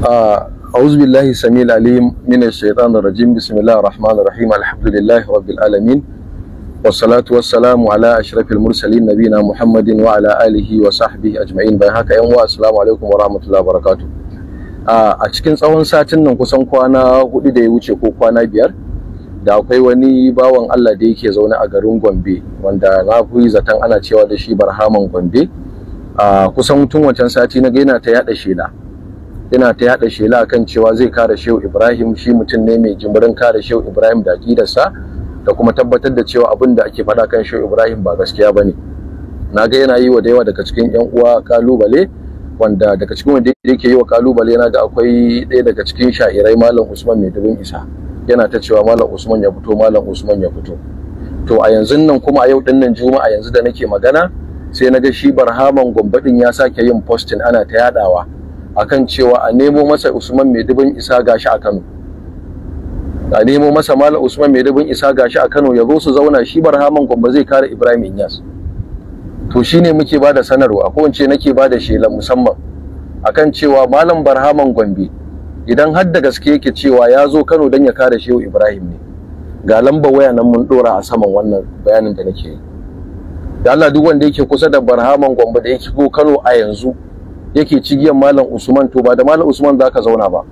أعوذ بالله السميع العليم من الشيطان الرجيم بسم الله الرحمن الرحيم الحمد لله رب العالمين والصلاة والسلام على أشرف المرسلين نبينا محمد وعلى آله وصحبه أجمعين بهاك يوم السلام عليكم ورحمة الله وبركاته a cikin tsawon satin nan kusan kwana hudu da ya wuce ko kwana biyar da akwai wani bawan Allah da yake zaune a garin Gombe wanda na kuyi zaton ana cewa da shi barhaman Gombe a kusan mutum wancan sati na gaina ta yada shi na. yana ta yada shela kan cewa zai kare shehu ibrahim shi mutum ne mai jimirin kare shehu ibrahim da aƙidarsa da kuma tabbatar da cewa abin da ake faɗa kan shehu ibrahim ba gaskiya ba ne na ga yana yi wa da yawa daga cikin yan uwa kalubale wanda daga cikin wanda yake yi wa kalubale na ga akwai ɗaya daga cikin sha'irai malam usman mai dubin isa yana ta cewa malam usman ya fito malam usman ya fito to a yanzu nan kuma a yau din nan juma'a yanzu da nake magana sai na ga shi barhaman gombaɗin ya sake yin postin ana ta yadawa akan cewa a nemo masa usman mai isa gashi a kano a nemo masa mala usman mai isa gashi a kano ya zo su zauna shi barhaman Gombe zai kare ibrahim inyas to shine muke bada da sanarwa ko in nake bada da shela musamman akan cewa malam barhaman gombe idan har da gaske yake cewa ya zo kano don ya kare shehu ibrahim ne ga lamba waya nan mun dora a saman wannan bayanin da nake yi da allah duk wanda yake kusa da barhaman gombe da ya go kano a yanzu yake cigiyar malam usman to ba da malam usman za ka zauna ba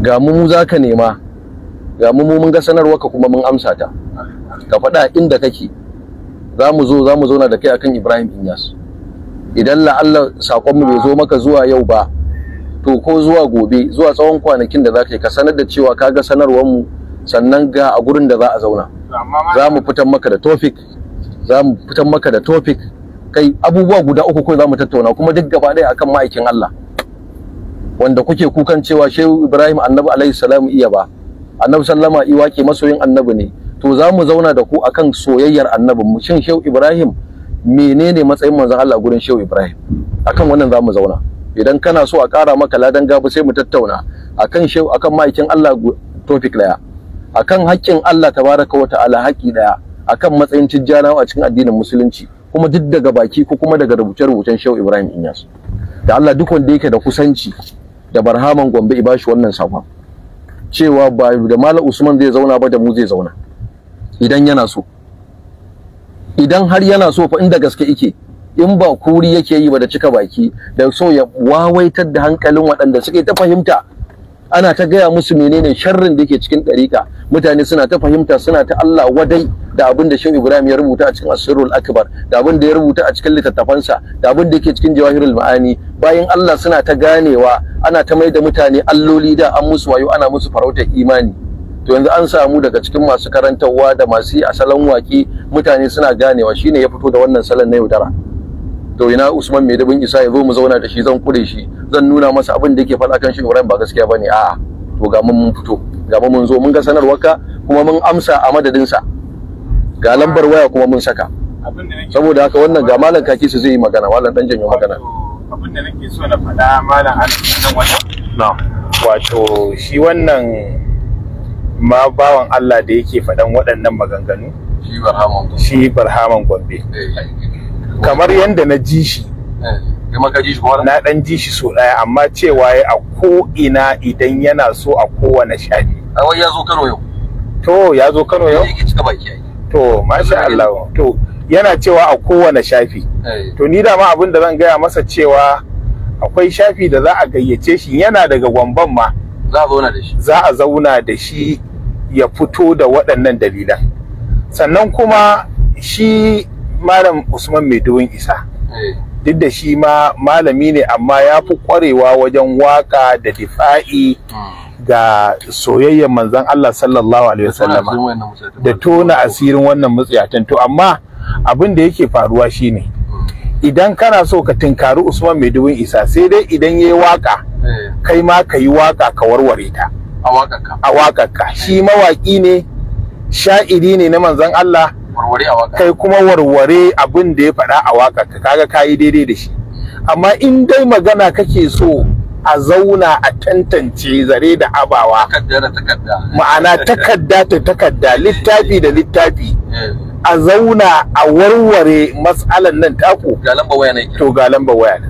ga mu mu za ka nema ga mu mun ga sanarwa ka kuma mun amsa ta ka faɗa inda kake za mu zo za mu zauna da kai akan ibrahim inyas idan sakon mu bai zo maka zuwa yau ba to ko zuwa gobe zuwa tsawon kwanakin da za ka yi ka sanar da cewa ka ga sanarwar mu sannan ga a gurin da za a zauna za mu fitan maka da topic za mu fitan maka da topic kai abubuwa guda uku kawai mu tattauna kuma duk gaba ɗaya akan ma'aikin Allah wanda kuke kukan cewa Shehu Ibrahim Annabi alaihi salam iya ba Annabi sallama iwaki masoyin Annabi ne to za mu zauna da ku akan soyayyar Annabi mu shin Shehu Ibrahim menene matsayin manzon Allah gurin Shehu Ibrahim akan wannan za mu zauna idan kana so a ƙara maka ladan gabu sai mu tattauna akan Shehu akan ma'aikin Allah topic daya akan haƙƙin Allah tabaraka wa ta'ala haƙi daya akan matsayin tijjanawa a cikin addinin musulunci kuma duk daga baki ko kuma daga rubuce-rubucen Shehu Ibrahim Inyas da Allah duk wanda yake da kusanci da Barhaman Gombe i bashi wannan safa cewa ba da Malam Usman zai zauna ba da mu zai zauna idan yana so idan har yana so fa inda gaske yake in ba kuri yake yi ba da cika baki da so ya wawaitar da hankalin waɗanda suke ta fahimta ana ta gaya musu menene sharrin da ke cikin ɗarika mutane suna ta fahimta suna ta Allah wadai da abin da Shehu Ibrahim ya rubuta a cikin Asrarul Akbar da abin da ya rubuta a cikin littattafansa da abin da yake cikin Jawahirul Ma'ani bayan Allah suna ta ganewa ana ta mai da mutane alloli da an musu wayo ana musu farautar imani to yanzu an samu daga cikin masu karantarwa da masu yi a salon waki mutane suna ganewa shine ya fito da wannan salon na yaudara to ina Usman mai dabin Isa ya zo mu zauna da shi zan kure shi zan nuna masa abin da yake faɗa kan shi Ibrahim ba gaskiya bane a'a to ga mun fito ga mun zo mun ga sanarwarka kuma mun amsa a madadinsa sa ga lambar waya kuma mun saka saboda haka wannan ga malam kaki su zai yi magana malam dan janyo magana abin da nake so na faɗa malam an nan wannan na'am wato shi wannan ma bawan Allah da yake faɗan waɗannan maganganu shi barhaman gombe eh. kamar yadda na ji shi eh, na ɗan ji shi so ɗaya amma cewa ya a ko ina idan yana so a kowane shafi a ya zo kano yau to ya zo kano yau to masha Allah to yana cewa a kowane shafi to ni dama abin da zan gaya masa cewa akwai shafi da za a gayyace shi yana daga gwamban ma za a zauna da shi za a zauna da shi ya fito da waɗannan dalilan sannan kuma shi malam Usman mai Maidowin Isa duk da shi ma malami ne amma ya fi ƙwarewa wajen waka da difa'i hmm. ga soyayyen manzon Allah sallallahu alaihi wasallam da tona asirin wannan mutsiyatan to amma abin da yake faruwa shine idan kana so ka tinkari Usman mai dubin Isa sai dai idan yayi waka eh. kai ma ka yi waka ka warware ta a wakarka a wakarka shi mawaki ne sha'iri ne na manzon Allah kai kuma warware abin da ya faɗa a wakarka kaga kayi daidai da shi amma in dai magana kake so a zauna a tantance zare da abawa ma'ana takadda ta takadda, littafi da littafi eh. a zauna a warware matsalan nan taku to ga lamba waya ne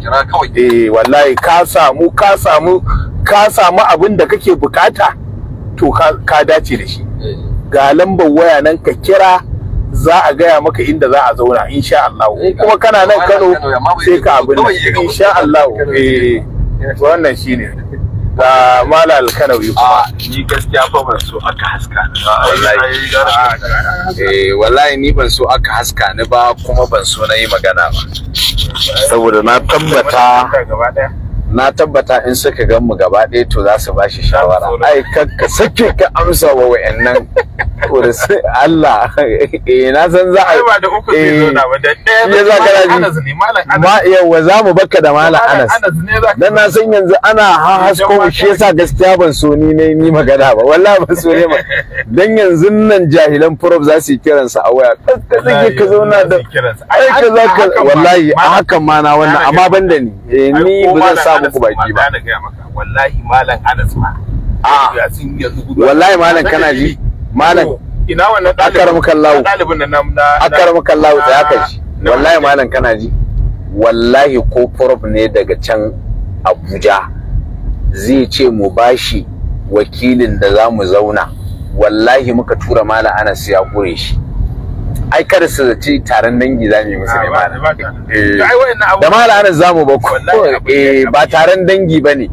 kira kawai eh wallahi ka samu ka samu ka samu abin da kake bukata to ka dace da shi eh. ga lambar waya nan ka kira za a gaya maka inda za a zauna insha Allah eh, kuma kana nan Kano sai ka abin insha Allah eh wannan shine da mala alkanawi kuma ah, ni gaskiya fa ban so aka haska ni wallahi ah, eh wallahi ni ban so aka haska ni ba kuma ban so na yi magana ba saboda na tabbata na tabbata in suka gan mu gaba ɗaya to za su bashi shawara ai kakka sake ka amsa wa wayannan kursi Allah eh na san za a ba da uku zo eh, na ba da ɗaya za ka raji ma yawa za mu bakka da malam Anas dan na san yanzu ana hasko shi yasa gaskiya ban so ni ne ni magana ba wallahi ban so ne ba dan yanzu nan jahilan prof za su yi kiransa a waya ka sake ka zauna da ai ka za ka wallahi a hakan ma na wannan amma ban da ni eh ni ba zan muku baki ba wallahi malam Anas ma ah. a wallahi malam kana ji malam ina wannan ɗalibin kallawo ɗalibin nan na akaram kallawo sai aka ji. wallahi malam kana ji wallahi ko prof ne daga can Abuja zai ce mu bashi wakilin da za mu zauna wallahi muka tura malam Anas ya kure shi ai kada su zaci taron dangi za mu yi musu ah, eh, Da ma da malamin za mu eh, ba ba taron dangi ba ne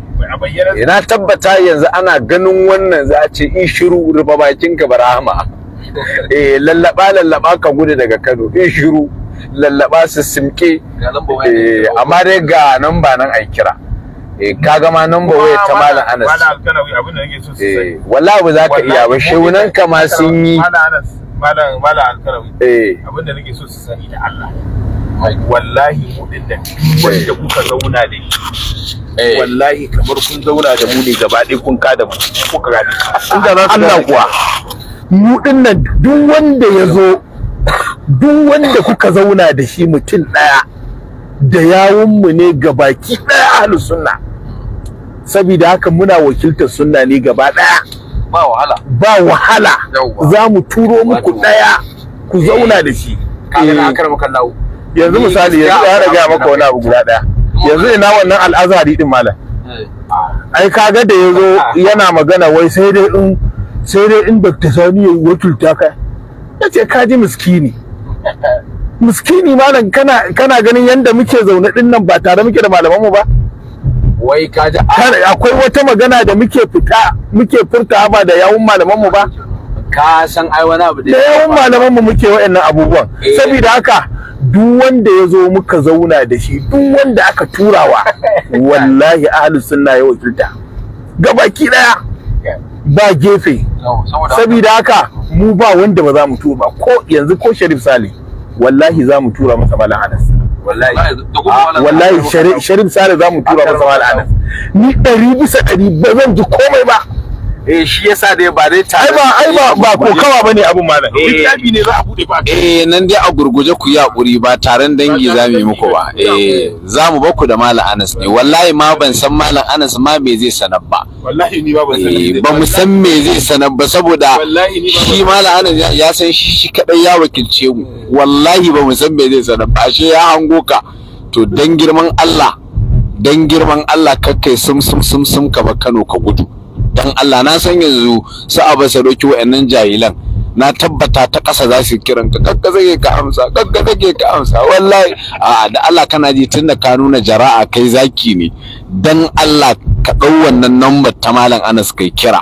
eh, na tabbata yanzu ana ganin wannan za a ce in shiru rufe bakinka barahama hama." lallaba lallaba ka gudu daga Kano in shiru lallaba su simke amma dai ga nan ba nan ai kira "Ka gama nan ba waya ta malam Anas wala abu za ka iya ba shi ka ma sun yi malam malam alkarawi eh abinda nake so su sani da Allah wallahi mu din da wanda eh. kuka zauna da shi eh. wallahi kamar kun zauna da mu ne gaba ɗaya kun kada mu kuka gani inda za su Allah kuwa mu din nan duk wanda ya zo duk wanda kuka zauna da shi mutum ɗaya da yawunmu ne gabaki ɗaya ahlus sunna saboda haka muna wakiltar sunna ne gaba ɗaya ba wahala ba wahala za mu turo muku daya ku eh. zauna da shi eh. yanzu misali yanzu ya riga maka wani abu guda daya yanzu ina wannan al'azari din malam eh. ai kaga da yazo ah. yana magana wai sai dai in sai dai in Dr. Sani ya wakilta ka ce ka ji miskini miskini malam kana kana ganin yanda muke zaune din nan ba tare muke da malaman mu ba wai ka ji ah, akwai wata magana da muke fita muke furta ba da yawun malaman mu ba ka san ai wani abu da yawun malaman mu muke wayannan abubuwan eh. saboda haka duk wanda ya zo muka zauna da shi duk wanda aka turawa wallahi ahlus sunna ya wakilta gabaki daya ba gefe saboda haka mu ba wanda ba za mu tura ko yanzu ko Sharif Sale wallahi za mu tura masa malam Anas wallahi ah, sharif sare za mu tura masa malam anas ni ɗari bisa ɗari ba zan ji komai ba eh shi yasa dai ba dai ta ai ba ai ba ba kawa bane abun malam eh. littafi ne za a bude ba eh nan dai a gurguje ku yi hakuri ba taron dangi za mu yi muku ba eh za mu eh, ku da malam Anas ne wallahi ma ban san malam Anas ma me zai sanar ba wallahi ni ba ban san eh, ba mu san me zai sanar ba saboda shi malam Anas ya san shi kadai ya wakilce mu wallahi ba mu san me zai sanar ba ashe ya hango ka to dan girman Allah dan girman Allah kakkai sum sum sum sum ka ba Kano ka gudu dan Allah na san yanzu su abu sa roki wa'annan jahilan na tabbata ta ƙasa za su kiran ka kakka zage ka amsa kakka zage ka amsa wallahi a da Allah kana ji tunda ka nuna jara'a kai zaki ne dan Allah ka ɗau wannan number ta malam Anas kai kira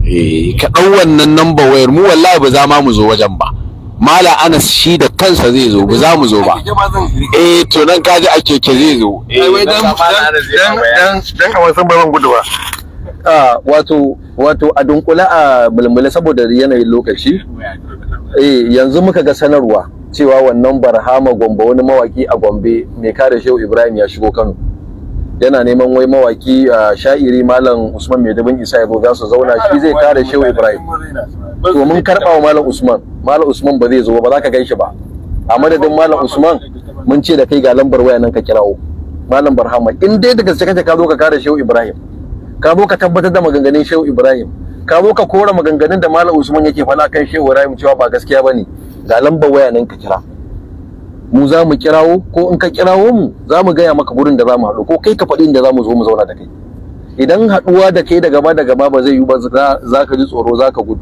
eh ka ɗau wannan number wayar mu wallahi ba za ma mu zo wajen ba malam Anas shi da kansa zai zo ba za mu zo ba eh to nan kaji ake ke zai zo eh dan dan dan a wasan ba zan gudu ba a wato wato a dunkula a mulmula saboda yanayin lokaci eh yanzu muka ga sanarwa cewa wannan barhama gombe wani mawaki a gombe mai kare shehu ibrahim ya shigo kano yana neman wai mawaki sha'iri malam usman mai dabin isa yabo za su zauna shi zai kare shehu ibrahim to mun karba wa malam usman malam usman ba zai zo ba za ka ganshi ba a madadin malam usman mun ce da kai ga lambar waya nan ka kirawo malam barhama in dai da gaske kake ka zo ka kare shehu ibrahim ka zo ka tabbatar da maganganun shehu ibrahim ka zo ka kora maganganun da malam usman yake faɗa kan shehu ibrahim cewa ba gaskiya bane ga lambar waya nan ka kira mu za mu kirawo ko in ka kirawo mu za mu gaya maka gurin da za mu haɗu ko kai ka faɗi inda za mu zo mu zauna da kai idan haɗuwa da kai da gaba da gaba ba zai yi ba za ka ji tsoro za ka gudu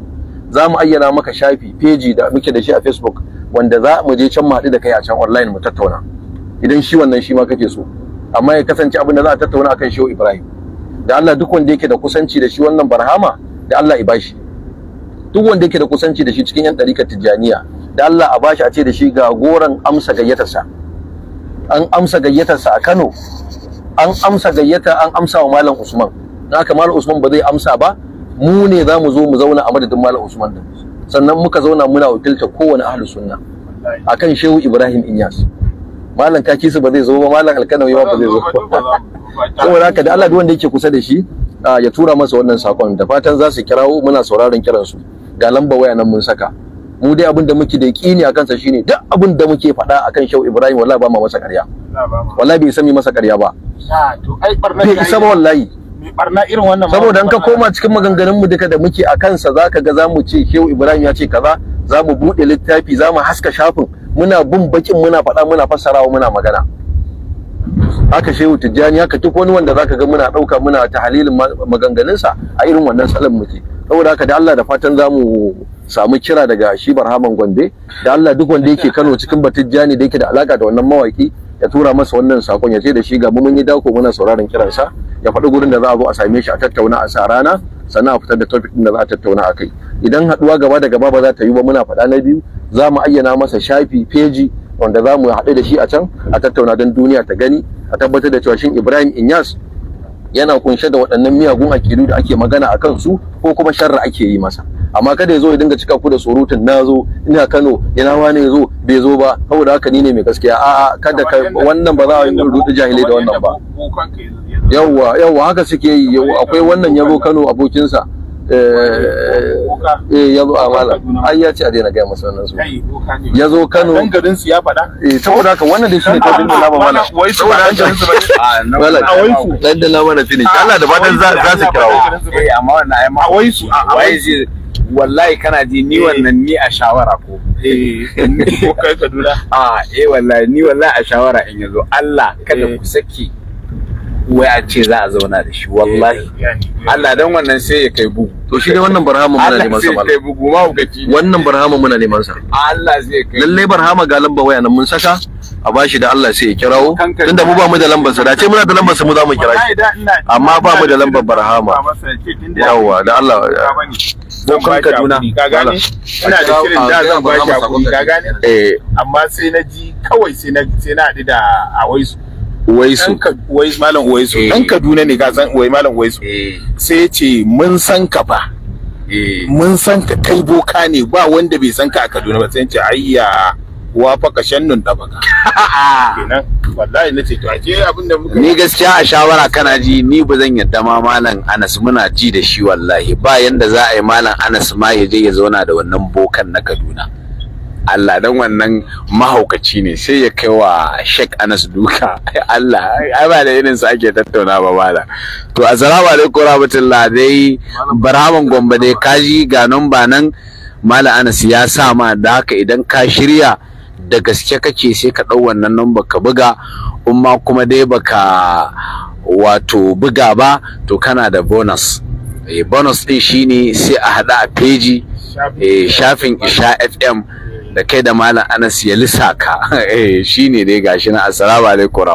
za mu ayyana maka shafi feji da muke da shi a facebook wanda za mu je can mu haɗu da kai a can online mu tattauna idan shi wannan shi ma kake so amma ya kasance abin da za a tattauna akan shehu ibrahim da Allah duk wanda yake da kusanci da shi wannan barhama da Allah ya bashi duk wanda yake da kusanci da shi cikin yan ɗarika tijjaniya da Allah a bashi a ce da shi ga goran amsa gayyatarsa an amsa gayyatarsa a Kano an amsa gayyata an amsa wa malam Usman na haka malam Usman ba zai amsa ba mu ne za mu zo mu zauna a madadin malam Usman din sannan muka zauna muna wakilta kowane ahlus sunna akan Shehu Ibrahim Inyas malam kakisu ba zai zo ba malam alkanawi ba zai zo saboda haka da Allah duk wanda yake kusa da shi ya tura masa wannan sakon da fatan za su kirawo muna sauraron kiran su ga lamba waya nan mun saka mu dai abin da muke da yakini akan sa shine duk abin da muke faɗa akan Shehu Ibrahim wallahi ba ma masa ƙarya wallahi bai sami masa ƙarya ba to ai barna bai isa ba wallahi barna irin wannan saboda an ka koma cikin maganganun mu duka da muke akan sa zaka ga zamu ce Shehu Ibrahim ya ce kaza zamu bude littafi zamu haska shafin muna bin bakin muna faɗa muna fassarawa muna magana haka shehu tijjani haka duk wani wanda zaka ga muna ɗauka muna ta halilin maganganunsa a irin wannan salon muke saboda haka da Allah da fatan zamu samu kira daga shi barhaman gombe da Allah duk wanda yake Kano cikin batijjani da yake da alaka da wannan mawaki ya tura masa wannan sakon ya ce da shi ga mun yi dako muna sauraron kiransa ya faɗi gurin da za a zo a same shi a tattauna a sa rana sannan a fitar da topic din da za a tattauna a kai idan haɗuwa gaba da gaba ba za ta yi ba muna faɗa na biyu za mu ayyana masa shafi feji wanda za mu haɗu da shi a can a tattauna don duniya ta gani a tabbatar da cewa shin ibrahim inyas yana kunshe da waɗannan miyagun akidu da ake magana a su ko kuma sharra ake yi masa amma kada ya zo ya dinga cika ku da surutun na zo ina Kano ina wani ya zo bai zo ba saboda haka ni ne mai gaskiya a'a kada ka wannan ba za a yi rubuta jahilai da wannan ba yawwa yawwa haka suke yi akwai wannan ya zo Kano abokinsa eh, eh ya zo amala ah, ai ya ce a daina gaya masa wannan su ya zo Kano dan garin su ya faɗa eh saboda haka wannan shi ne tobin da laba mana wai su ba dan ah, su bane a wai su dan da laba na finish ah, Allah da fatan za su kirawo eh amma wannan ai ma a wai su a wai wallahi kana ji ni eh. wannan ni a shawara ko eh ko kai Kaduna a eh wallahi ni wallahi a shawara in yazo Allah kada ku saki wai a ce za a zauna da shi wallahi eh, Allah dan wannan sai ya kai bugu to shi dai wannan barhama muna neman sa Allah sai ya kai bugu ma hukaci wannan barhama muna neman sa Allah sai ya kai lalle barhama ga lamba waya nan mun saka a bashi da Allah sai ya kirawo tunda mu ba mu da lambar sa da ce muna da lambar sa mu za mu kira shi amma ba mu da lambar barhama yawa da Allah zan ba shi hakuri ka gane ina da shirin da zan bashi a hakuri ka gane eh. amma sai na ji kawai sai na sai na da a waisu Uwaisu. Uwaisu Malam Uwaisu. Ɗan eh. Kaduna ne ga san Uwai Malam Uwaisu. Eh. Sai ce mun san ka fa. Eh. Mun san ka kai boka ne ba wanda bai san ka a Kaduna ba sai ce ayya wa fa ka shannun da baka. Kenan wallahi nace to ake abinda muka Ni gaskiya a shawara kana ji ni ba zan yadda ma Malam Anas muna ji da shi wallahi ba yanda za a yi Malam Anas ma ya je ya zauna da wannan bokan na Kaduna. Allah dan wannan mahaukaci ne sai ya kai wa Sheikh Anas duka Allah ai ba da irin sa ake tattauna ba mala to assalamu alaikum rahmatullah dai barhaman gombe dai kaji ga nan ba nan mala Anas ya sa ma da haka idan ka shirya da gaske kake sai ka ɗau wannan namba ka buga umma kuma dai baka wato buga ba to kana da bonus eh, bonus ɗin shine sai a haɗa a peji eh, shafin isha fm da kai da malam anas ya lisa ka eh shine dai gashi na assalamu alaikum